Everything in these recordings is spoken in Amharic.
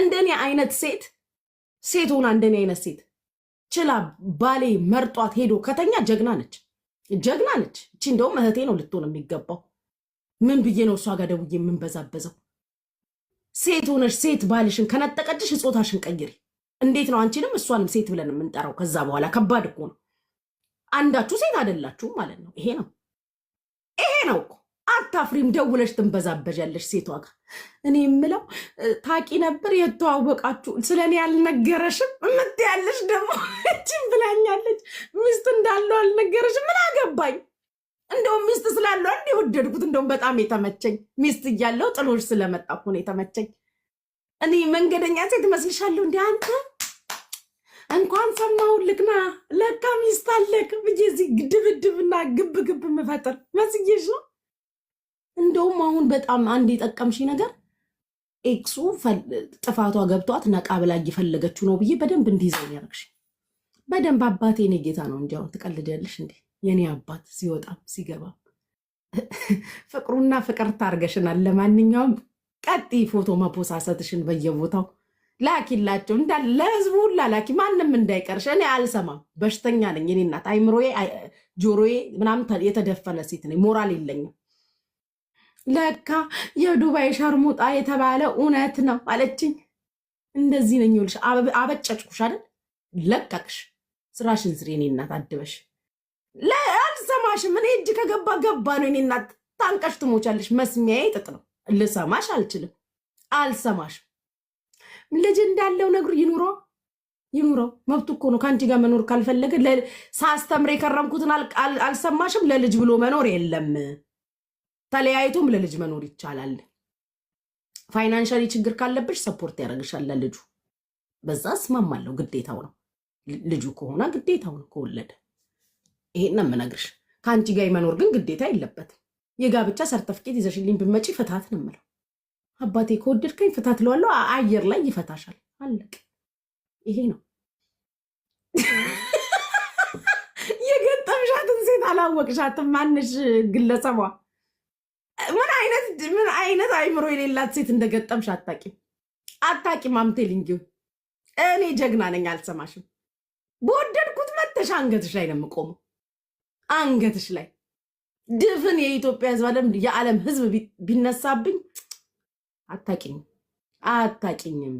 እንደኔ አይነት ሴት ሴት ሆና እንደኔ አይነት ሴት ችላ ባሌ መርጧት ሄዶ ከተኛ ጀግና ነች፣ ጀግና ነች። እቺ እንደውም እህቴ ነው ልትሆን የሚገባው። ምን ብዬ ነው እሷ ጋር ደውዬ የምንበዛበዘው? ሴት ሆነሽ ሴት ባልሽን ከነጠቀችሽ እጾታሽን ቀይሪ። እንዴት ነው አንቺንም እሷንም ሴት ብለን የምንጠራው? ከዛ በኋላ ከባድ እኮ ነው። አንዳችሁ ሴት አይደላችሁም ማለት ነው። ይሄ ነው ይሄ ነው እኮ አታፍሪም? ደውለሽ ትንበዛበዣለሽ ሴቷ ጋር። እኔ የምለው ታቂ ነበር የተዋወቃችሁ፣ ስለ እኔ አልነገረሽም ያለሽ ደግሞ እችን ብላኛለች። ሚስት እንዳለው አልነገረሽም። ምን አገባኝ? እንደውም ሚስት ስላለው አንድ የወደድኩት እንደውም በጣም የተመቸኝ ሚስት እያለው ጥሎሽ ስለመጣ እኮ ነው የተመቸኝ። እኔ መንገደኛ ሴት እመስልሻለሁ? እንዲ አንተ እንኳን ሰማሁልክና ለካ ሚስት አለክ ብዬ እዚህ ድብድብና ግብግብ ምፈጥር የምፈጥር መስዬሽ ነው እንደውም አሁን በጣም አንድ የጠቀምሽ ነገር ኤክሱ ጥፋቷ ገብቷት ነቃ ብላ እየፈለገችው ነው ብዬ በደንብ እንዲይዘው ያደርግሽ። በደንብ አባቴ የኔ ጌታ ነው እንጂ አሁን ትቀልደልሽ እንዴ? የኔ አባት ሲወጣም ሲገባም ፍቅሩና ፍቅር ታርገሽናል። ለማንኛውም ቀጥ ፎቶ መፖሳሰትሽን በየቦታው ላኪላቸው እንዳለ ለህዝቡ ሁላ ላኪ፣ ማንም እንዳይቀርሽ። እኔ አልሰማም፣ በሽተኛ ነኝ። እኔ እናት አይምሮዬ ጆሮዬ ምናምን የተደፈነ ሴት ነኝ። ሞራል የለኝም። ለካ የዱባይ ሸርሙጣ የተባለ እውነት ነው አለችኝ። እንደዚህ ነኝ ይኸውልሽ፣ አበጫጭኩሽ አይደል? ለቀቅሽ፣ ስራሽን ስሪ። እኔ እናት አድበሽ አልሰማሽም። እኔ እጅ ከገባ ገባ ነው። እኔ እናት ታንቀሽ ትሞቻለሽ። መስሚያዬ ጥጥ ነው። ልሰማሽ አልችልም። አልሰማሽም። ልጅ እንዳለው ነግሩ ይኑሮ ይኑረው መብቱ እኮ ነው። ከአንቺ ጋር መኖር ካልፈለገ ሳስተምር የከረምኩትን አልሰማሽም። ለልጅ ብሎ መኖር የለም። ተለያይቶም ለልጅ መኖር ይቻላል። ፋይናንሻሊ ችግር ካለብሽ ሰፖርት ያደርግሻል ለልጁ። በዛ እስማማለሁ፣ ግዴታው ነው። ልጁ ከሆነ ግዴታው ነው ከወለደ። ይሄን የምነግርሽ ከአንቺ ጋር መኖር ግን ግዴታ የለበትም። የጋብቻ ሰርተፍኬት ይዘሽልኝ ብትመጪ ፍታት ነው የምለው። አባቴ ከወደድከኝ ፍታት እለዋለሁ። አየር ላይ ይፈታሻል። አለቅ። ይሄ ነው የገጠምሻትን ሴት አላወቅሻትም። ማንሽ ግለሰቧ ምን አይነት አይምሮ የሌላት ሴት እንደገጠምሽ አታቂም አታቂም። አምቴልንጊው እኔ ጀግና ነኝ፣ አልሰማሽም። በወደድኩት መተሽ አንገትሽ ላይ ነው የምቆመው፣ አንገትሽ ላይ ድፍን የኢትዮጵያ ህዝብ አለም የዓለም ህዝብ ቢነሳብኝ አታቂኝም፣ አታቂኝም።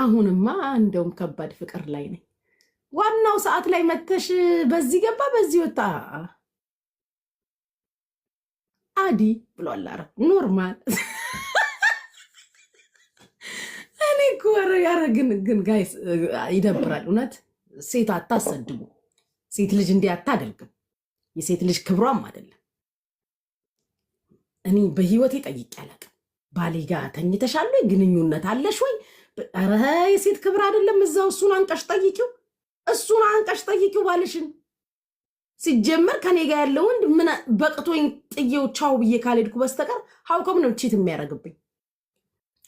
አሁንማ እንደውም ከባድ ፍቅር ላይ ነኝ። ዋናው ሰዓት ላይ መተሽ በዚህ ገባ በዚህ ወጣ አዲ ብሏል። አረ ኖርማል እኔ እኮ ኧረ ኧረ ግን ግን ጋይስ ይደብራል እውነት። ሴት አታሰድቡ። ሴት ልጅ እንዲህ አታደርግም። የሴት ልጅ ክብሯም አይደለም። እኔ በህይወቴ ጠይቄ አላውቅም። ባሌ ጋ ተኝተሻል ወይ? ግንኙነት አለሽ ወይ? ኧረ የሴት ክብር አይደለም። እዛው እሱን አንቀሽ ጠይቂው፣ እሱን አንቀሽ ጠይቂው ባልሽን ሲጀመር ከኔ ጋር ያለ ወንድ ምን በቅቶኝ ጥዬው ቻው ብዬ ካልሄድኩ በስተቀር ሀውከም ነው ቺት የሚያደርግብኝ?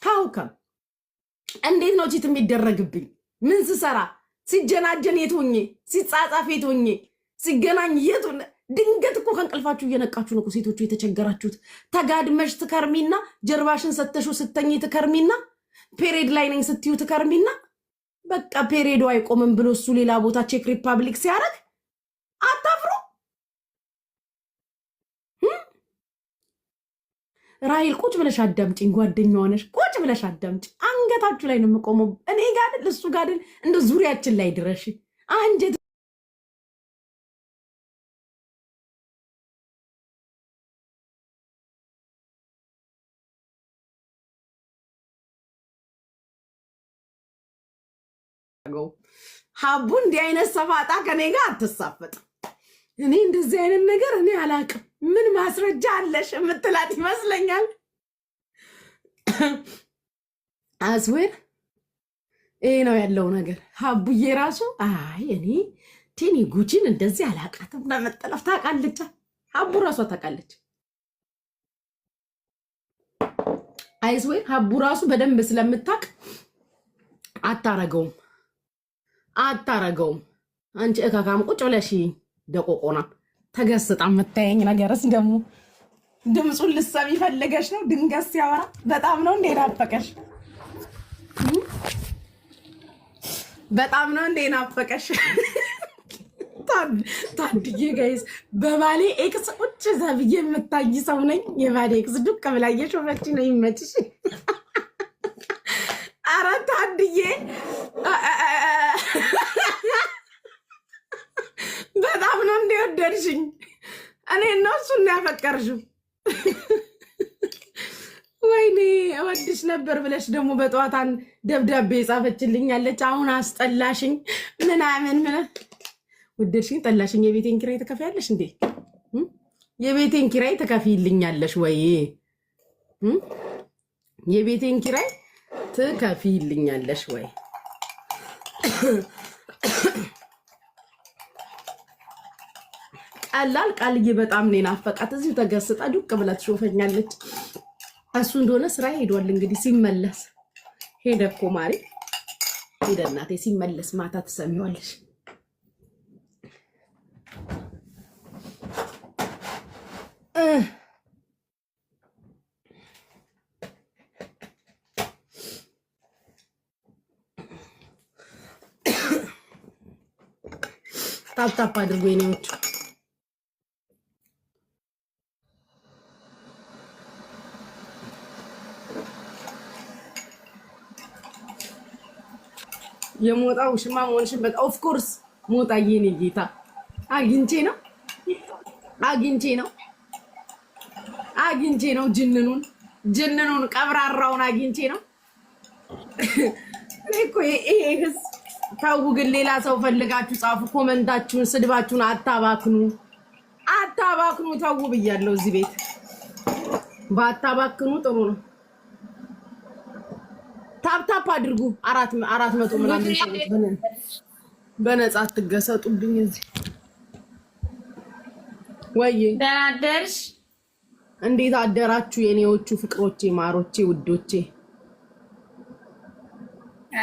ሀውከም እንዴት ነው ቺት የሚደረግብኝ? ምን ስሰራ ሲጀናጀን የቶኜ ሲጻጻፍ የቶኜ ሲገናኝ የቱ ድንገት እኮ ከእንቅልፋችሁ እየነቃችሁ ነው ሴቶቹ የተቸገራችሁት። ተጋድመሽ ትከርሚና ጀርባሽን ሰተሹ ስተኝ ትከርሚና ፔሬድ ላይ ነኝ ስትዩ ትከርሚና በቃ ፔሬዱ አይቆምም ብሎ እሱ ሌላ ቦታ ቼክ ሪፐብሊክ ሲያደርግ ራሄል ቁጭ ብለሽ አዳምጪኝ፣ ጓደኛ ሆነሽ ቁጭ ብለሽ አዳምጪ። አንገታችሁ ላይ ነው የምቆመው። እኔ ጋር እሱ ጋር እንደ ዙሪያችን ላይ ድረሽ አንጀት ሀቡ እንዲህ አይነት ሰፋጣ ከኔ ጋር አትሳፈጥ። እኔ እንደዚህ አይነት ነገር እኔ አላቅም። ምን ማስረጃ አለሽ የምትላት ይመስለኛል። አስዌር ይሄ ነው ያለው ነገር። ሀቡዬ ራሱ አይ እኔ ቴኒ ጉቺን እንደዚህ አላቃትም ለመጠለፍ ታውቃለች። ሀቡ ራሷ ታውቃለች። አይስዌር ሀቡ ራሱ በደንብ ስለምታቅ አታረገውም አታረገውም። አንቺ እካካም ቁጭ ብለሽ ተገስጣ የምታየኝ ነገርስ ደግሞ ድምፁን ልሰሚ ፈልገሽ ነው? ድንገት ሲያወራ በጣም ነው እንዴ ናፈቀሽ? በጣም ነው እንዴ ናፈቀሽ? ታድዬ ጋይስ በባሌ ኤክስ ቁጭ ዘብዬ የምታይ ሰው ነኝ። የባሌ ኤክስ ዱቅ ብላየሽ ወፈች ነው ይመችሽ። አረ ታድዬ ወደድሽኝ። እኔ እነሱ እና ያፈቀርሽው ወይኔ እወድሽ ነበር ብለሽ ደግሞ በጠዋታን ደብዳቤ የጻፈችልኝ አሁን አስጠላሽኝ ምናምን ምን ወደድሽኝ ጠላሽኝ። የቤቴን ኪራይ ተከፍያለሽ እንዴ? የቤቴን ኪራይ ተከፊልኛለሽ ወይ? የቤቴን ኪራይ ትከፊልኛለሽ ወይ? ቀላል ቃልዬ በጣም ነው የናፈቃት። እዚሁ ተገስጣ ዱቅ ብላ ትሾፈኛለች። እሱ እንደሆነ ስራ ሄዷል። እንግዲህ ሲመለስ ሄደ እኮ ማሬ ሄደ። እናቴ ሲመለስ ማታ ትሰሚዋለሽ። ታፕታፕ አድርጎ የኔዎች የሞጣ ውሽማ መሆንሽን በጣም ኦፍኮርስ ሞጣ የኔ ጌታ አግኝቼ ነው አግኝቼ ነው አግኝቼ ነው ጅንኑን ጅንኑን ቀብራራውን አግኝቼ ነው እኮ ይሄ ህዝብ ተው ግን ሌላ ሰው ፈልጋችሁ ጻፉ ኮመንታችሁን ስድባችሁን አታባክኑ አታባክኑ ተው ብያለሁ እዚህ ቤት ባታባክኑ ጥሩ ነው አድርጉ። አራት መቶ ምናምን በነፃ አትገሰጡብኝ። እዚህ ወይ ደናደርሽ። እንዴት አደራችሁ የኔዎቹ ፍቅሮቼ፣ ማሮቼ፣ ውዶቼ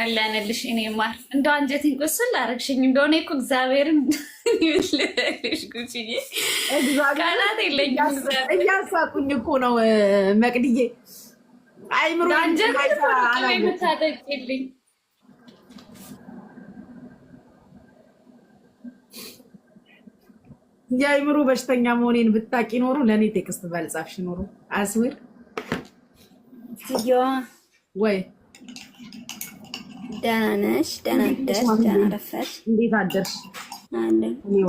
አለንልሽ። እኔ ማር እንደው አንጀቴን ቁስል አረግሽኝ። እንደሆነ እኮ እግዚአብሔርን ልሽ ጉቺዬ፣ ቃላት የለኝም። እያሳቁኝ እኮ ነው መቅድዬ አይምሮ የምታጠቂልኝ የአይምሮ በሽተኛ መሆኔን ብታቂ ኖሩ ለእኔ ቴክስት ባልጻፍሽ ኖሩ። አስዊር ወይ ደህና ነሽ? ደህና አደርሽ? ደህና ረፈሽ? እንዴት አደርሽ?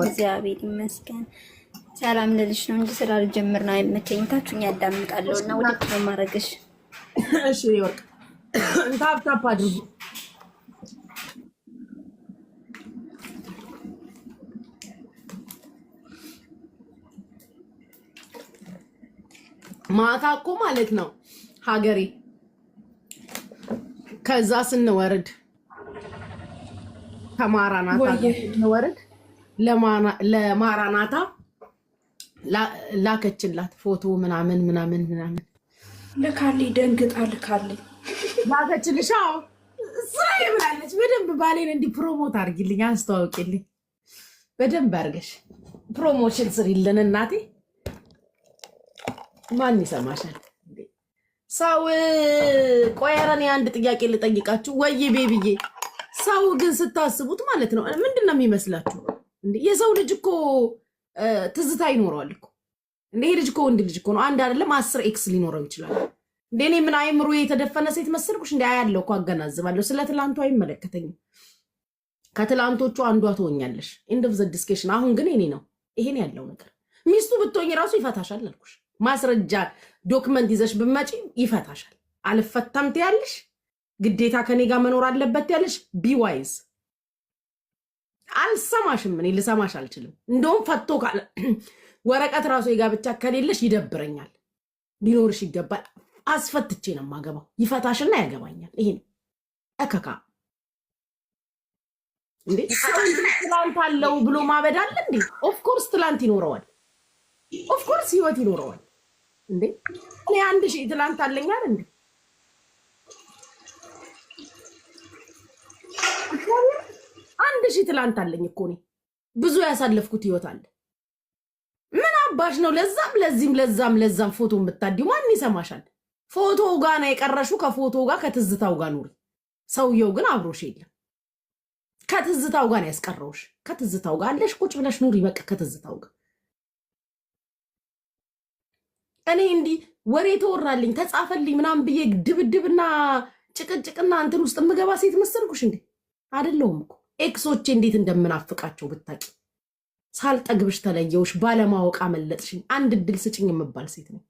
እግዚአብሔር ይመስገን። ሰላም ልልሽ ነው እንጂ ስራ ልጀምር ነው። አይመቸኝም። ያዳምጣለሁ እና ወደ ማረግሽ እሺ ወርቅ ታፕታፕ አድርጉ። ማታ እኮ ማለት ነው ሀገሬ። ከዛ ስንወርድ ከማራናታ ስንወርድ ለማራናታ ላከችላት ፎቶ ምናምን ምናምን ምናምን ልካልኝ ደንግጣ ልካልኝ ላከችልሽ። አዎ ስራ ብላለች። በደንብ ባሌን እንዲህ ፕሮሞት አድርጊልኝ፣ አስተዋውቂልኝ በደንብ አድርገሽ ፕሮሞሽን ስሪልን እናቴ። ማን ይሰማሻል? ሰው ቆይ፣ አንድ ጥያቄ ልጠይቃችሁ። ወይ ቤብዬ፣ ሰው ግን ስታስቡት ማለት ነው ምንድን ነው የሚመስላችሁ? የሰው ልጅ እኮ ትዝታ ይኖረዋል እኮ እንደ ይሄ ልጅ እኮ ወንድ ልጅ እኮ ነው። አንድ አይደለም አስር ኤክስ ሊኖረው ይችላል። እንደ እኔ ምን አይምሮ የተደፈነ ሴት መሰልኩሽ? እንደ አያለው እኮ አገናዝባለሁ። ስለ ትላንቱ አይመለከተኝም። ከትላንቶቹ አንዷ ትሆኛለሽ። ኢንድ ኦፍ ዘ ዲስኬሽን። አሁን ግን እኔ ነው ይሄን ያለው ነገር። ሚስቱ ብትሆኝ ራሱ ይፈታሻል አልኩሽ። ማስረጃ ዶክመንት ይዘሽ ብመጪ ይፈታሻል። አልፈታም ትያለሽ። ግዴታ ከኔ ጋር መኖር አለበት ያለሽ። ቢዋይዝ አልሰማሽም። እኔ ልሰማሽ አልችልም። እንደውም ፈቶ ወረቀት ራሱ የጋብቻ ከሌለሽ ይደብረኛል። ሊኖርሽ ይገባል። አስፈትቼ ነው የማገባው። ይፈታሽና ያገባኛል። ይሄ ነው እከካ ትላንት አለው ብሎ ማበድ አለ እንዴ? ኦፍኮርስ ትላንት ይኖረዋል። ኦፍኮርስ ህይወት ይኖረዋል። እንዴ እኔ አንድ ሺህ ትላንት አለኛል እንዴ አንድ ሺህ ትላንት አለኝ እኮ እኔ ብዙ ያሳለፍኩት ህይወት አለ። እያባሽ ነው። ለዛም ለዚህም ለዛም ለዛም ፎቶ የምታዲው ማን ይሰማሻል? ፎቶ ጋር ነው የቀረሹ። ከፎቶ ጋር ከትዝታው ጋር ኑሪ። ሰውየው ግን አብሮሽ የለም። ከትዝታው ጋር ነው ያስቀረውሽ። ከትዝታው ጋር አለሽ፣ ቁጭ ብለሽ ኑሪ። በቃ ከትዝታው ጋር እኔ እንዲህ ወሬ ተወራልኝ ተጻፈልኝ ምናምን ብዬ ድብድብና ጭቅጭቅና እንትን ውስጥ የምገባ ሴት መሰልኩሽ እንዴ? አይደለሁም እኮ ኤክሶቼ እንዴት እንደምናፍቃቸው ብታቂ ሳልጠግብሽ ተለየውሽ፣ ባለማወቅ አመለጥሽኝ፣ አንድ እድል ስጭኝ የምባል ሴት ነው።